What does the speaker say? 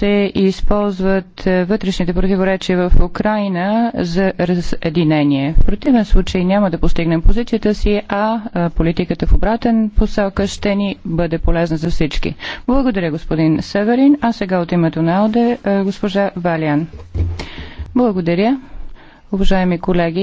се използват е, вътрешните противоречия в Украина за разединение. В противен случай няма да постигнем позицията си, а е, политиката в обратен посока ще ни бъде полезна за всички. Благодаря, господин Северин. А сега от името на ОДЕ е, госпожа Валиан. Благодаря. Уважаеми колеги,